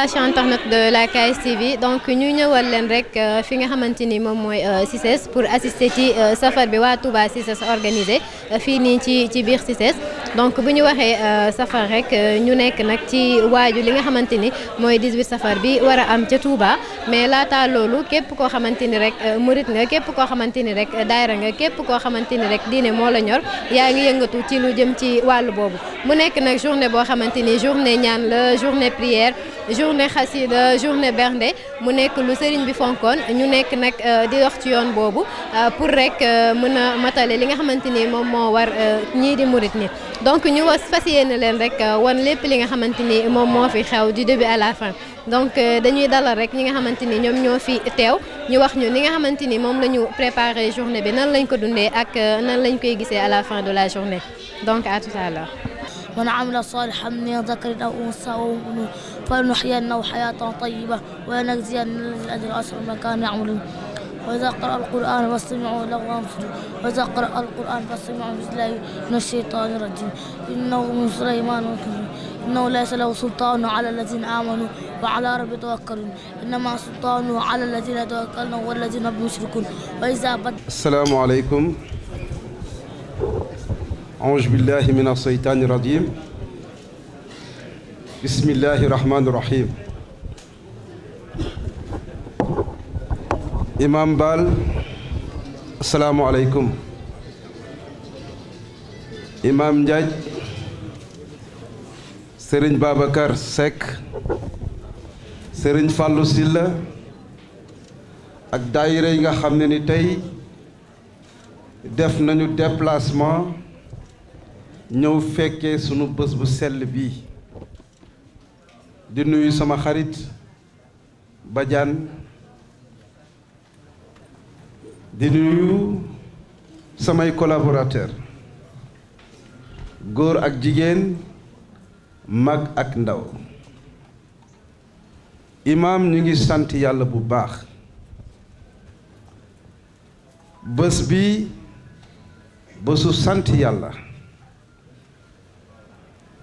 population internet de la KSTV donc ñu ñëwal leen rek euh, fi nga xamante ni moom mooy euh, CICES e pour assister ci euh, safar bi waa Touba CICES e organisé fii nii ci ci biir CICES e donc bu ñu waxee safar rek ñu nekk nag ci waaju li nga xamante ni mooy 18 safar bi war a am ca Touba mais laata loolu képp koo xamante ni rek murit nga képp koo xamante ni rek daayra nga képp koo xamante ni rek diine moo la ñor yaa ngi yëngatu ci lu jëm ci wàllu boobu mu nekk nag journée boo xamante ni journée ñaan la journée prière journée xasida journée bernde mu nekk lu seriñ bi fonkoon ñu nekk nag euh, di dox ci yoon boobu euh, pour rek euh, mën a matale li nga xamante ni moom moo war ñii di murit ni donc ñu was fas yéene leen rek wan lépp li nga xamante ni moom moo fi xew du début à la fin donc dañuy dalal rek ñi nga xamante ni ñoom ñoo fi teew ñu wax ñu li nga xamante ni moom la ñu préparé journée bi nan lañ ko dundee ak nan lañ koy gisee à la fin de la journée donc à tout à فلنحيينه حياة طيبة ولنجزين الأجر أشهر ما كانوا يعملون وإذا قرأ القرآن فاستمعوا له وانصتوا وإذا قرأ القرآن فاستمعوا بالله من الشيطان الرجيم إنه من سليمان وكذب إنه ليس له سلطان على الذين آمنوا وعلى رب توكلون إنما سلطانه على الذين توكلنا والذين هم يشركون وإذا بد السلام عليكم أعوذ بالله من الشيطان الرجيم bismillahi rahmaani rahim imaam baal asalaamualeykum imaam Njaaj sëriñ Babacar Seck sëriñ Fàllu Silla ak daayira yi nga xam ne ni tey def nañu déplacement ñëw fekkee sunu bés bu sell bii di nuyu sama xarit bajan di nuyu samay collaborateur góor ak jigéen mag ak ndaw imaam ñu ngi sant yàlla bu baax bés bi bésu sant yàlla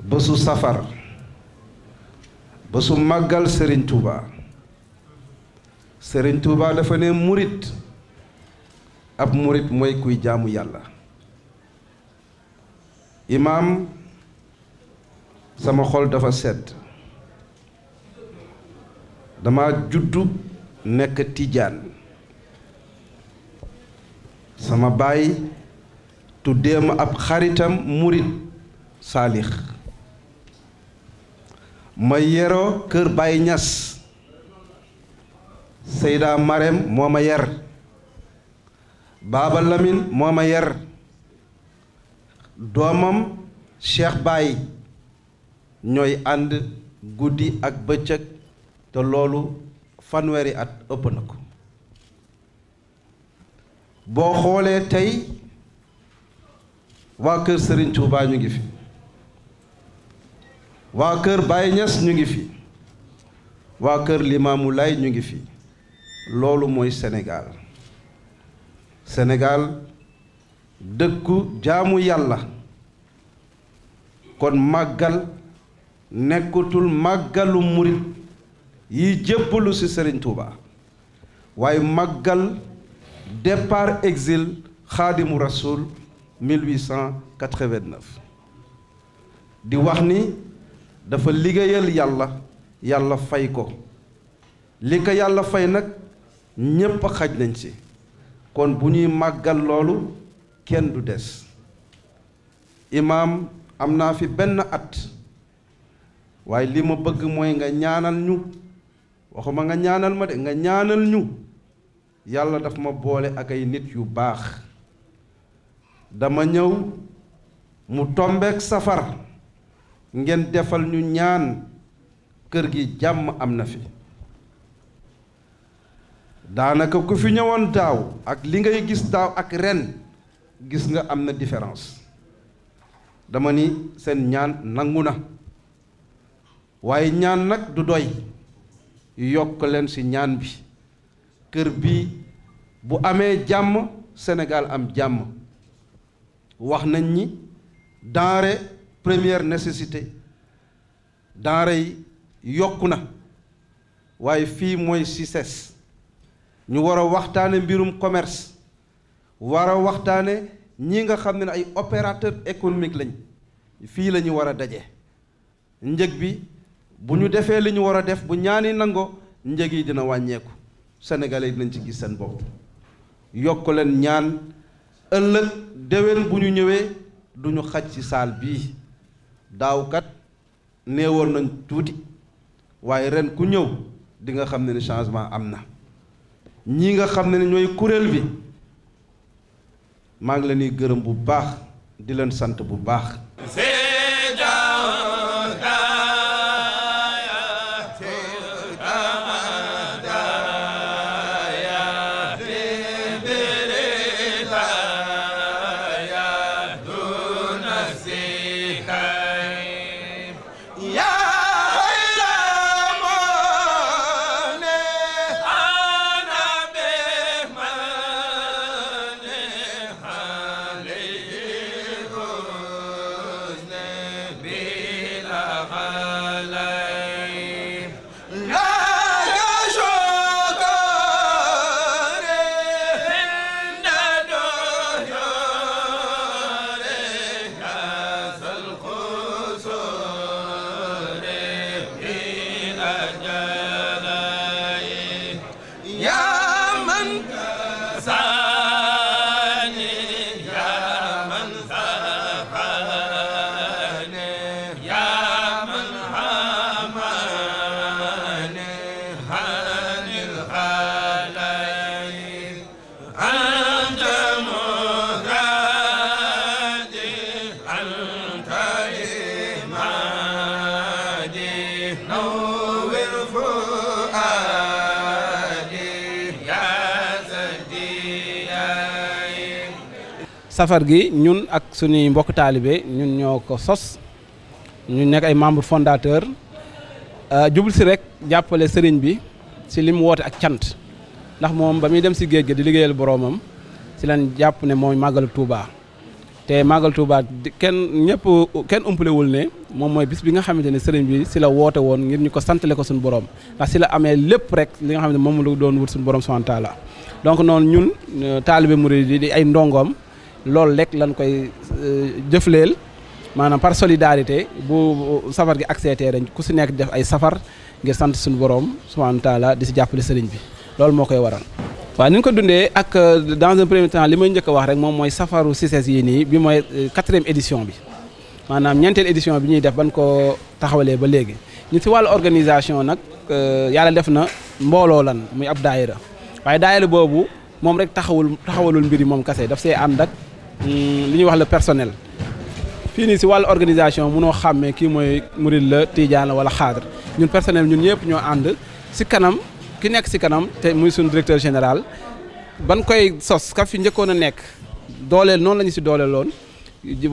bésu safar ba su màggal Serigne Touba Serigne Touba dafa ne murit ab murit mooy kuy jaamu yàlla imaam sama xol dafa sedd dama juddu nekk tiijaan sama baay tuddee ma ab xaritam murit saalix ma yeroo kër Baye ñas Seyda Marème moo ma yar Baba Lamine moo ma yar doomam Cheikh Baye ñooy ànd guddi ak bëccëg te loolu fanweeri at ëpp na ko boo xoolee tey waa kër Serigne Touba ñu ngi fi. waa kër Baye ñu ngi fi waa kër Limaamu lay ñu ngi fi loolu mooy senegaal Sénégal dëkku jaamu yàlla kon màggal nekkatul màggalu murit yi jébbalu ci Serigne Touba waaye màggal départ exil xaadimu rasul 1889 di wax ni dafa liggéeyal yàlla yàlla fay ko li ko yàlla fay nag ñépp xaj nañ ci kon bu ñuy màggal loolu kenn du des imaam am naa fi benn at waaye li ma bëgg mooy nga ñaanal ñu waxuma nga ñaanal ma de nga ñaanal ñu yàlla daf ma boole ak ay nit yu baax dama ñëw mu tombeek safar ngeen defal ñu ñaan kër gi jàmm am na fi daanaka ku fi ñëwoon daaw ak li ngay gis daaw ak ren gis nga am na différence dama ni seen ñaan nangu na waaye ñaan nag du doy yokk leen ci ñaan bi kër bi bu amee jàmm Sénégal am jàmm wax nañ ni denrée première nécessité denrée yi yokk na waaye fii mooy CICES ñu war a waxtaane mbirum commerce wara waxtaane ñi nga xam ne ay opérateur économique lañ fii lañuy ñu war a daje njëg bi bu ñu defee li ñu war a def bu ñaani nangoo njëg yi dina wàññeeku sénégalais dinañ ci gis seen bopp yokk leen ñaan ëllëg déwén bu ñu ñëwee duñu ñu xaj ci saal bii daawkat kat néewoon nañ tuuti waaye ren ku ñëw di nga xam ne ni changement am na ñii nga xam ne ni ñooy kuréel bi maa ngi la di gërëm bu baax di leen sant bu baax safar gi ñun ak suñuy mbokk taalibe ñun ñoo ko sos ñu nekk ay membre fondateur euh, jubul si rek jàppale sëriñ bi si li mu woote ak cant ndax moom ba muy dem si géej gi di liggéeyal boroomam si leen jàpp ne mooy màggalu Tuubaa te Magal Touba kenn ñëpp kenn umpalewul ne moom mooy bis bi nga xamante ne sëriñ bi si la woote woon ngir ñu ko santale ko suñu borom ndax si la amee lépp rek li nga xam ne moom la doon wut suñu borom subhanahu taala donc noonu ñun euh, taalibe murid yi di ay ndongoom loolu rek lañ koy euh, jëfleel maanaam par solidaarité bu safar gi ak seetee ku si nekk def ay safar ngir sant suñu borom subhanahu wa taala di si jàppale sëriñ bi loolu moo koy waral waaw ni ñu ko dundee ak euh, dans un premier temps li may njëkk wax rek moom mooy safaru Cices yi nii bi mooy euh, quatrième édition bi maanaam ñeenteel édition bi ñuy def ban ko taxawalee ba léegi ñu si wàllu organisation nag euh, yàlla def na mbooloo lan muy ab daayira waaye daayira boobu moom rek taxawul taxawalul mbir yi moom kese daf see ànd ak mm, li ñuy wax le personnel fii nii si wàll organisation munoo xàmmee kii mooy murid la tijaan la wala xaadar ñun personnel ñun ñëpp ñoo ànd si kanam ki nekk si kanam te muy suñu directeur général ban koy sos ka fi njëkkoon a nekk dooleel noonu la ñu si dooleeloon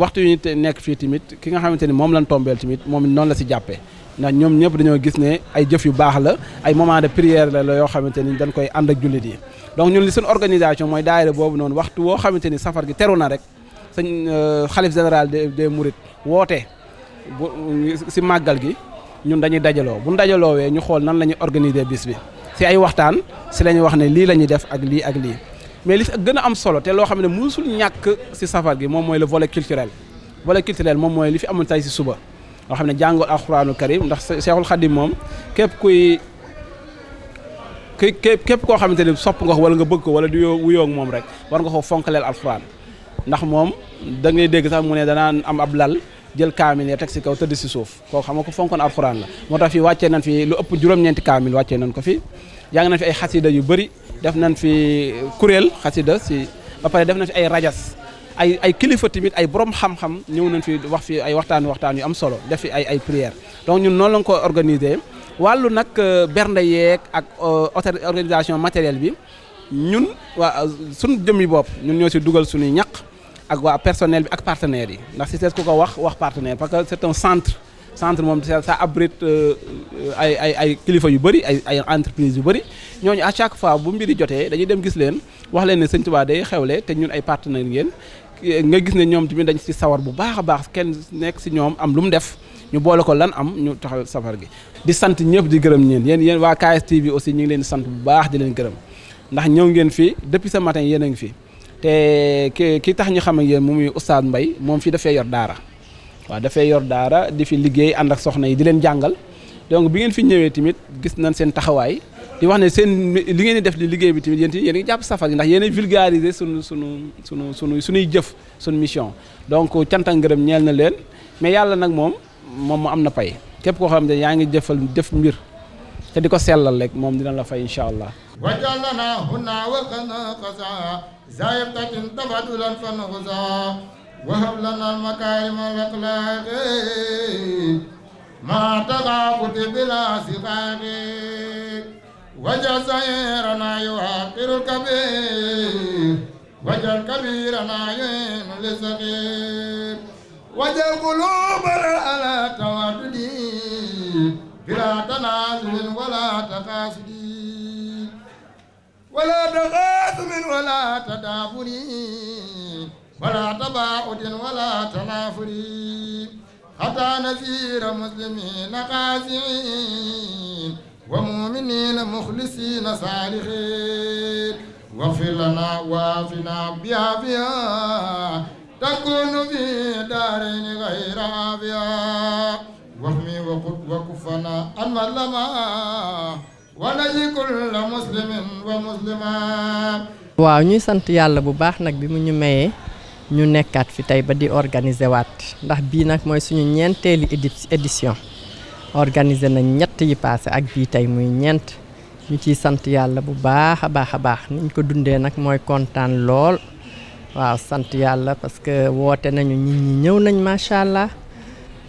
waxtu yu ñu nekk fii tamit ki nga xamante ni moom lañ tombeel tamit moom noonu la si jàppee ndax ñoom ñëpp dañoo gis ne ay jëf yu baax la ay moment de prière la yoo xamante ni dañ koy ànd ak jullit yi donc ñun li suñu organisation mooy daayira boobu noonu waxtu woo xamante ni safar gi teru na rek sëñ euh, xalif général des mourides woote bu si màggal gi ñun dañuy dajaloo bu ñu dajaloowee ñu xool nan la ñuy organiser bis bi si ay waxtaan si lañuy wax ne lii la ñuy def ak lii ak lii mais li gën a am solo te loo xam ne musul ñàkk si safar gi moom mooy le volet culturel volet culturel moom mooy li fi amoon tay si suba loo xam ne jàngul alxuraanu karim ndax seexul xadim moom képp kuy képp képp koo xamante ne sopp nga ko wala nga bëgg ko wala di wuyoo moom rek war nga ko fonkaleel alxuraan ndax moom da ngay dégg sax mu ne danaan am ab lal jël kaamil ya teg si kaw tëdd si suuf koo xam nga ko fonkoon alxuraan la moo tax fii wàccee nañ fi lu ëpp juróom-ñeenti kaamil wàccee nañ ko fi jàng nañ fi ay xasida yu bëri def nañ fi kuréel xasida si ba pare def nañ fi ay rajas ay ay kilifa tamit ay borom xam-xam ñëw nañ fi wax fi ay waxtaan waxtaan yu am solo def fi ay ay prière donc ñun noonu lañ ko organisé wàllu nag euh, bernde yeeg ak euh, organisation matériel bi ñun waa suñ jëmmi bopp ñun ñoo si dugal suñuy ñaq ak personnel bi ak partenaires yi ndax si ku ko ko wax wax partenaire parce que c'est un centre centre moom ça abrite euh, ay ay ay kilifa yu bëri ay ay entreprise yu bëri ñooñu à chaque fois bu mbiri jotee dañuy dem gis leen wax leen ne Sëñ Tuubaa day xewle te ñun ay partenaires ngeen nga gis ne ñoom tamit dañ si sawar bu baax a baax kenn nekk si ñoom am lu mu def ñu boole ko lan am ñu taxaw safar gi di sant ñëpp di gërëm ñeen yéen yéen waa KSTV aussi ñu ngi leen sant bu baax di leen gërëm ndax ñëw ngeen fii depuis ce matin yéen a ngi fii te ki ki tax ñu xam ak mu muy Oustaz Mbaye moom fii dafay yor daara waaw dafay yor daara di fi liggéey ànd ak soxna yi di leen jàngal donc bi ngeen fi ñëwee tamit gis nañ seen taxawaay di wax ne seen li ngeen di def di liggéey bi tamit yéen yéen ngi jàpp safar gi ndax yéen vulgariser sunu sunu sunu sunu sunuy jëf sunu mission donc cant ak ngërëm ñeel na leen mais yàlla nag moom moom mu am na pay képp koo xam ne yaa ngi jëfal jëf mbir te di ko sellal rek moom dina la fay incha allah زايقة تبدلا فنغزا وهب لنا المكارم الأخلاق ما تغابت بلا سباق وجزائرنا يعاقر الكبير وجل كبيرنا يعين للصغير وجل قلوبنا على تودي بلا تنازل ولا تقاسد ولا تغاثم ولا تدابري ولا تباعد ولا تنافري حتى نذير مسلمين قاسعين ومؤمنين مخلصين صالحين واغفر لنا وافنا بعافية تكون في دارين غير عافية واحمي وقد وكفنا عن مظلمه waaw ñuy sant yàlla bu baax nag bi mu ñu mayee ñu nekkaat fi tey ba di organiser waat ndax bii nag mooy suñu ñeenteeli édition organiser nañ ñett yi paase ak bii tey muy ñeent ñu ciy sant yàlla bu baax a baax a baax niñ ko dundee nag mooy kontaan lool waaw sant yàlla parce woote nañu nit ñi ñëw nañ macha allah.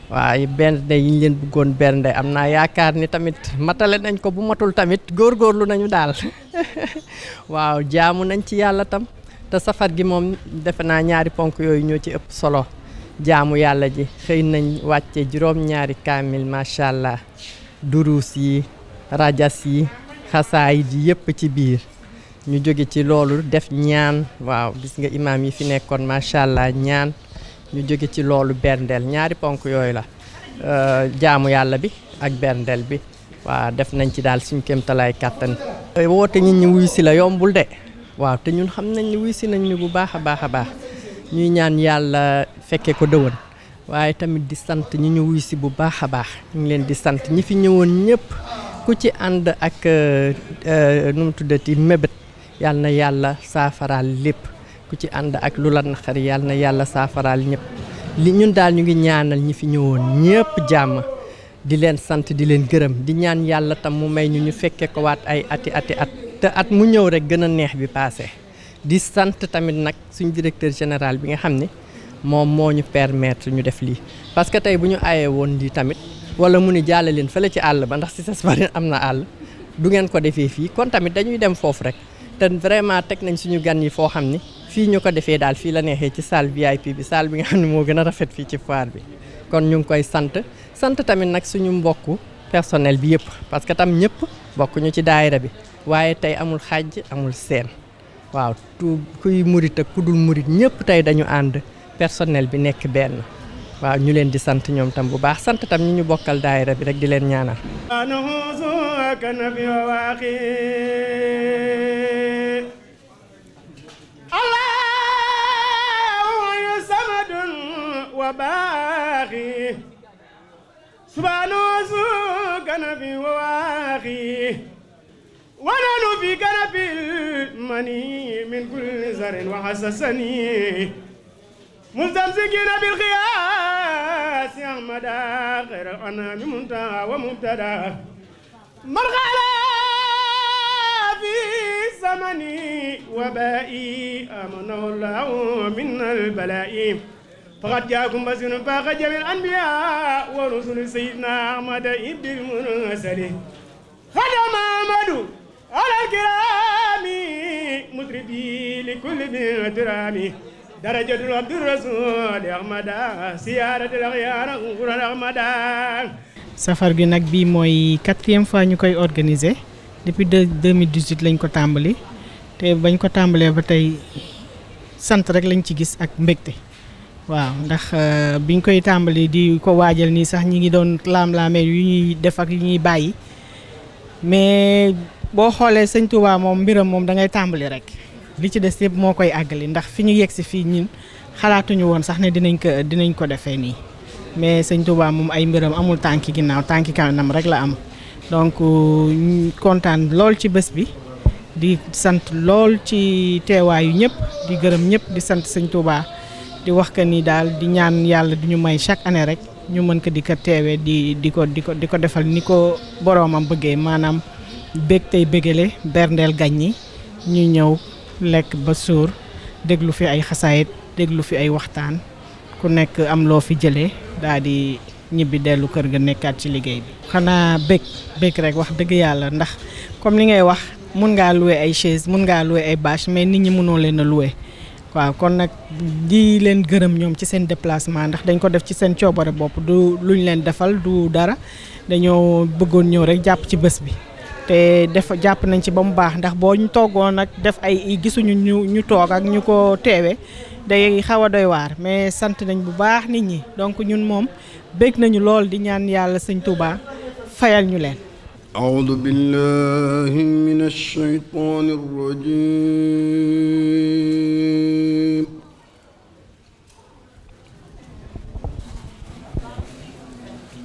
waaye bernde yi ñu leen bëggoon bernde am naa yaakaar ni tamit matale nañ ko bu matul tamit góorgóorlu nañu daal waaw jaamu nañ ci yàlla tam te safar gi moom defe naa ñaari ponk yooyu ñoo ci ëpp solo jaamu yàlla ji xëy nañ wàcce juróom-ñaari kaamil macha allah duruus yi rajas yi xasaayid yi yëpp ci biir ñu jóge ci loolu def ñaan waaw gis nga imaam yi fi nekkoon macha allah ñaan. ñu jóge ci loolu berndeel ñaari ponk yooyu la euh, jaamu yàlla bi ak berndeel bi waaw def nañ ci daal suñ kéemtalaay kàttan euh, woote nit ñi wuy si la yombul de waaw te ñun xam nañ ni wuy nañ ni bu baax a baax a baax ñuy ñaan yàlla fekke ko dëwën waaye tamit di sant ñi ñu wuy si bu baax a baax leen di sant ñi fi ñëwoon ñëpp ku ci ànd ak euh, numu mu tuddati mébét yàlla na yàlla saafaraal lépp ci ànd ak lu la naqar yàlla na yàlla saafaraal ñëpp li ñun daal ñu ngi ñaanal ñi fi ñëwoon ñëpp jàmm di leen sant di leen gërëm di ñaan yàlla tam mu may ñu ñu fekkee ko waat ay ati ati at te at mu ñëw rek gën a neex bi passé di sant tamit nag suñ directeur général bi nga xam ni moom moo ñu permettre ñu def lii parce que tey bu ñu ayee woon lii tamit wala mu ni jàll leen fële ci àll ba ndax si sa bari am na àll du ngeen ko defee fii kon tamit dañuy dem foofu rek te vraiment teg nañ suñu gan yi foo xam ni fii ñu ko defee daal fii la neexee ci bi salle VIP bi salle bi nga xam ne moo gën a rafet fii ci foire bi kon ñu ngi koy sant sant tamit nag suñu mbokku personnel bi yëpp parce que tam ñëpp bokkuñu ci daayira bi waaye tey amul xàjj amul seen waaw tu kuy murit ak ku dul murit ñëpp tey dañu ànd personnel bi nekk benn waa ñu leen di sant ñoom tam bu baax sant tam ñi ñu bokkal daayira bi rek di leen ñaanal وباغي سبحانه كنبي وواغي ونال في كنبي المني من كل زر وحسسني مستمسكين بالخيار واسع مدى غير الأنام منتهى ومبتدا مرغلا في زمني وبائي آمنه الله من البلاء فقد جاءكم بشير فقد جميع الأنبياء ورسل سيدنا أحمد إبن المرسلين خدم أحمد على الكرام مطربي لكل من احترامي درجة العبد الرسول أحمد سيارة الأخيار safar gi nag bii mooy quatrième fois ñu koy organiser depuis deux 2018 lañ ko tàmbali te bañ ko tàmbalee ba tey sant rek lañ ci gis ak mbégte waaw ndax euh, biñ koy tàmbali di ko waajal nii sax ñi ngi doon laam-laamee yu ñuy def ak yu ñuy bàyyi mais boo xoolee sëñ Touba moom mbiram moom da ngay tàmbali rek. li ci des yëpp moo koy àggali ndax fi ñu yegg si fii ñun xalaatuñu woon sax ne dinañ ko dinañ ko defee nii mais sëñ Touba moom ay mbiram amul tànki ginnaaw tànki kanam rek la am donc euh, kontaan lool ci bés bi di sant lool ci teewaayu ñëpp di gërëm ñëpp di sant sëñ Touba di wax ko nii daal di ñaan yàlla di ñu may chaque année rek ñu mën ko di ko teewee di di ko di ko di ko defal ni ko boroomam bëggee maanaam bég tey bégale berndeel gañ ñi ñu ñëw. lekk ba suur déglu fi ay xasaayit déglu fi ay waxtaan ku nekk am loo fi jëlee daa di ñibbi dellu kër ga nekkaat ci liggéey bi. xanaa bëgg bëgg rek wax dëgg yàlla ndax comme li ngay wax mun ngaa louer ay chaise mun ngaa louer ay bâche mais nit ñi mënoo leen a louer waaw kon nag di leen gërëm ñoom ci seen déplacement ndax dañ ko def ci seen coobare bopp du luñ leen defal du dara dañoo bëggoon ñëw rek jàpp ci bés bi. te def jàpp nañ ci ba mu baax ndax boo ñu toogoon nag def ay gisuñu ñu ñu toog ak ñu ko teewe day xaw a doy waar mais sant nañ bu baax nit ñi donc ñun moom bég nañu lool di ñaan yàlla sëñ Touba fayal ñu leen aoudu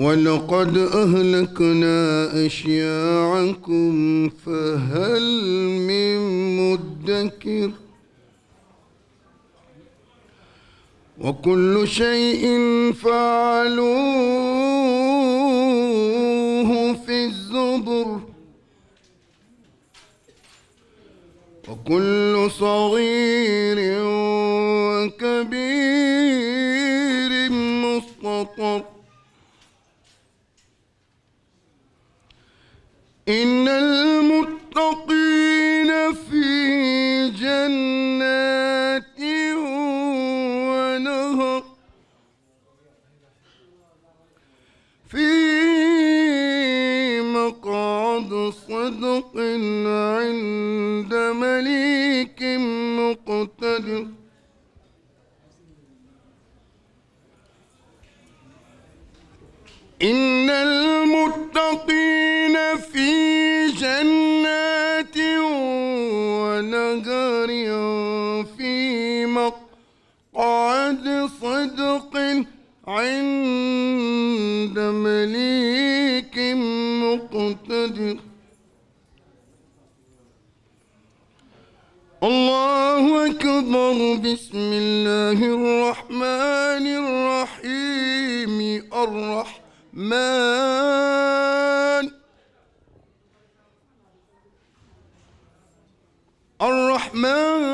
ولقد أهلكنا أشياعكم فهل من مدكر وكل شيء فعلوه في الزبر وكل صغير وكبير إن المتقين في جنات ونهر في مقعد صدق الرحمن الرحمن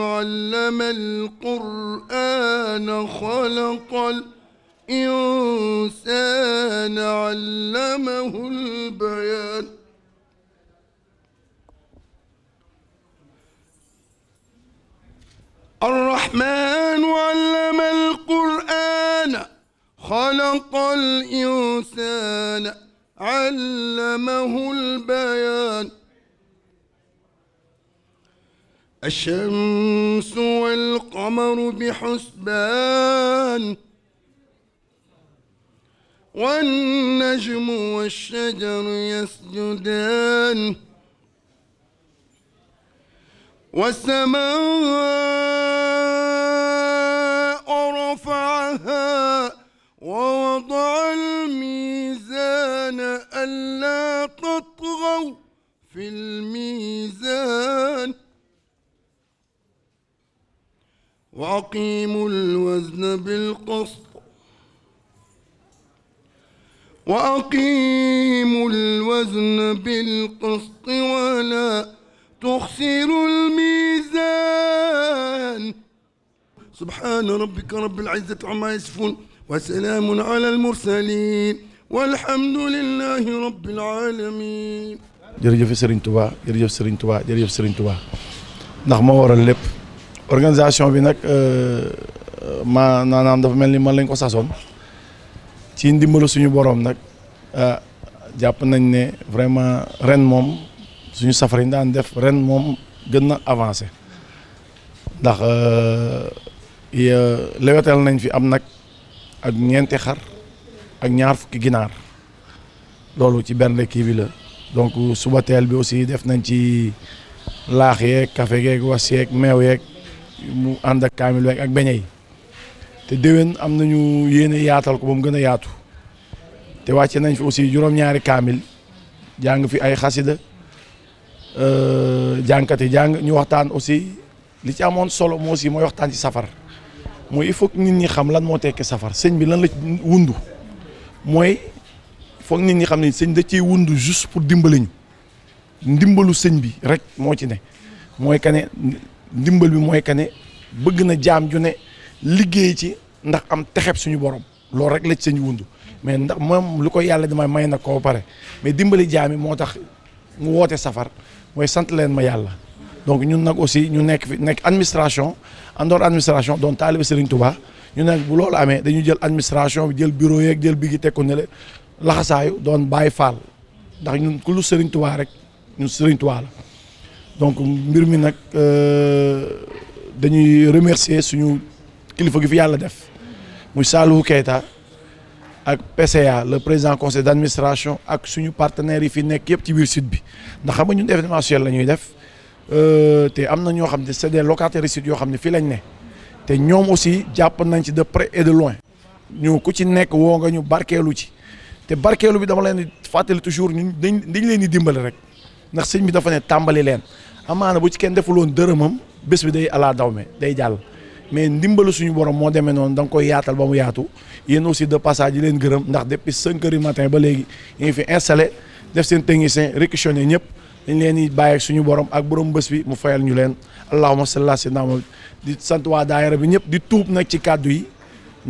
علم القرآن خلق الإنسان علمه البيان الرحمن خلق الإنسان علمه البيان الشمس والقمر بحسبان والنجم والشجر يسجدان والسماء ألا تطغوا في الميزان وأقيموا الوزن بالقسط وأقيموا الوزن بالقسط ولا تخسروا الميزان سبحان ربك رب العزة عما يصفون وسلام على المرسلين walhamdulillahi rabbil alamin jërëjëf jër Touba jërëjëf Serigne jër jërëjëf sëriñ Touba ndax moo waral lépp organisation bi nag euh, ma naanaam dafa mel ni man lañ ko sasoon ci ndimbalu suñu boroom nag euh, jàpp nañ ne vraiment ren moom suñu safar yi daan def ren moom gën na avancé ndax euh, lewetal nañ fi am nag ak ngeenti xar ak ñaar fukki ginaar loolu ci benn kii bi la donc suba teel bi aussi def nañ ci laax yeeg kafe yeeg was yeeg meew yeeg mu ànd ak kaamil yeeg ak beñe yi te déwén am nañu yéene yaatal ko ba mu gën a yaatu te wàcce nañ fi aussi juróom-ñaari kaamil jàng fi ay xasida euh, jàngkati jàng ñu waxtaan aussi li ci amoon solo moo mooy waxtaan ci safar mooy il faut nit ñi xam lan moo tekkee safar sëñ bi lan la wundu mooy foog nit ñi xam ne sëñ da cee wundu juste pour dimbali ñu ndimbalu sëñ bi rek moo ci ne mooy que ne ndimbal bi mooy que ne bëgg na jaam ju ne liggéey ci ndax am texeb suñu borom loolu rek la ci sëñ wundu mais ndax moom lu ko yàlla damay may na ko pare mais dimbali jaam yi moo tax mu woote safar mooy sant leen ma yàlla donc ñun nag aussi ñu nekk fi nekk administration en dehors administration doon taalibe Sëriñ Tuubaa ñu ne bu loolu amee dañuy jël administration bi jël bureau yeeg jël bi gi teg ne la laxasaayu doon bàyyi faal ndax ñun ku lu Serigne Touba rek ñun Serigne Touba la donc mbir mi nag euh, dañuy remercier suñu kilifa gi fi yàlla def muy Salou Keita ak PCA le président conseil d' administration ak suñu partenaires yi fi nekk yëpp ci biir site bi ndax xam nga ñun événementiel la ñuy def euh, te am na ñoo xam ne c' est des locataires sites yoo xam ne fii lañ ne. te ñoom aussi jàpp nañ ci de près et de loin ñu ku ci nekk woo nga ñu barkeelu ci te barkeelu bi dama leen di fàttali toujours ñun dañ dañ leen di dimbali rek ndax sëñ bi dafa ne tàmbali leen amaana bu ci kenn loon dërëmam bés bi day alaa daw me day jàll mais ndimbalu suñu borom moo demee noonu da nga koy yaatal ba mu yaatu yéen aussi de passage yi leen gërëm ndax depuis cinq matin ba léegi ñu ngi fi installé def seen technicien réquisitionné ñëpp dañ leen di bàyyi suñu borom ak borom bés bi mu fayal ñu leen allahumma salli ala sayyidina di sant waa daayira bi ñëpp di tuub nag ci kàddu yi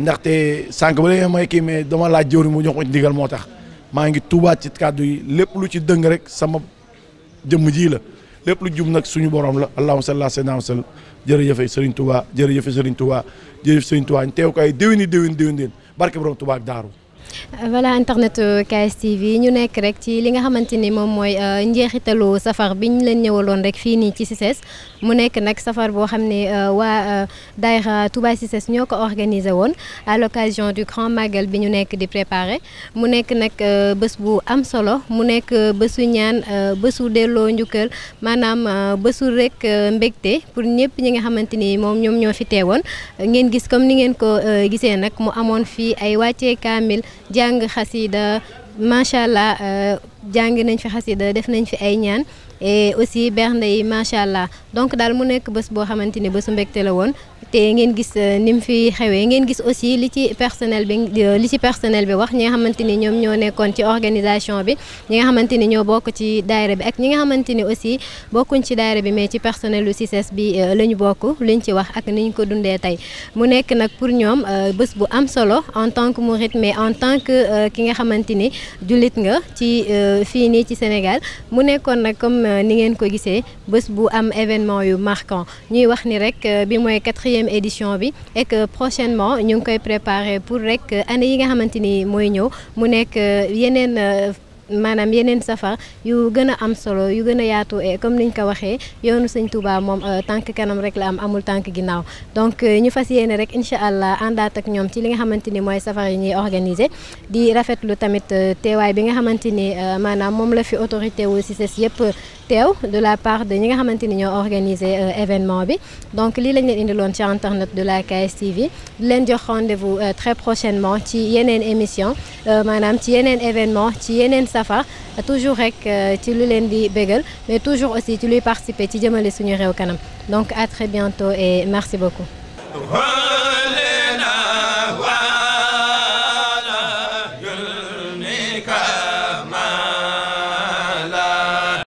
ndaxte sànq ba léegi may kii mais dama laaj jëwri mu jox ko ndigal moo tax maa ngi tuubaat ci kàddu yi lépp lu ci dëng rek sama jëmm jii la lépp lu jub nag suñu borom la allahumma salli ala sayyidina Muhammad jërëjëf Serigne Touba jërëjëf Serigne Touba jërëjëf Serigne Touba ñu teew ko ay déwéni déwén déwén déwén barke borom Touba ak Daaru Euh, voilà internet euh, KSTV ñu nekk rek ci li nga xamante ni moom mooy euh, njeexitalu safar bi ñu leen ñëwaloon rek fii nii ci CICES mu nekk nag safar boo xam ne waa daayira Touba CICES ñoo ko organisé woon à l'occasion du grand magal bi ñu nekk di préparé mu nekk nag bés bu am solo mu nekk bésu ñaan bésu delloo njukkal maanaam bésu rek mbégte pour ñëpp ñi nga xamante ni moom ñoom ñoo fi teewoon ngeen gis comme ni ngeen ko gisee nag mu amoon fii ay wàcce kaamil jàng xasida macha allah euh, jàng nañ fi xasida def nañ fi ay ñaan et aussi bernde yi macha allah donc daal mu nekk bés boo xamante ni bésu mbégte la woon te ngeen gis euh, ni mu fi xewee ngeen gis aussi li ci personnel bi euh, li ci personnel bi wax ñi nga xamante ni ñoom ñoo nekkoon ci organisation bi ñi nga xamante ni ñoo bokk ci daayira bi ak ñi nga xamante ni aussi bokkuñ ci daayira bi mais ci personnel lu si CICES bi euh, la ñu bokk ñu ci wax ak ni ñu ko dundee tey mu nekk nag pour ñoom bés bu am solo en tant que mouride mais en tant que ki nga xamante ni jullit nga ci fii nii ci Sénégal Euh, ni ngeen ko gisee bés bu am événement yu marquant ñuy wax ni rek euh, bi mooy quatrième édition bi et prochainement ñu ngi koy préparer pour rek euh, année yi nga xamante ni mooy ñëw mu nekk yeneen maanaam yeneen safar yu gën a am solo yu gën a yaatu e comme niñ ko waxee yoonu sëñ moom tànk kanam rek la am amul tànk ginnaaw donc ñu fas yéene rek incha allah àndaat ak ñoom ci li nga xamante ni mooy safar yi ñuy organiser di rafetlu tamit teewaay bi nga xamante ni maanaam moom la fi autorité wu CICES yëpp teew de la part de ñi nga xamante ni ñoo organiser euh, événement bi donc lii lañ leen indiloon ci internet de la KSTV di leen jox rendez-vous euh, très prochainement ci yeneen émission euh, maanaam ci yeneen événement ci yeneen safar toujours rek ci lu leen di bégal mais toujours aussi ci luy participer ci jëmale suñu réew kanam donc à très bientôt et merci beaucoup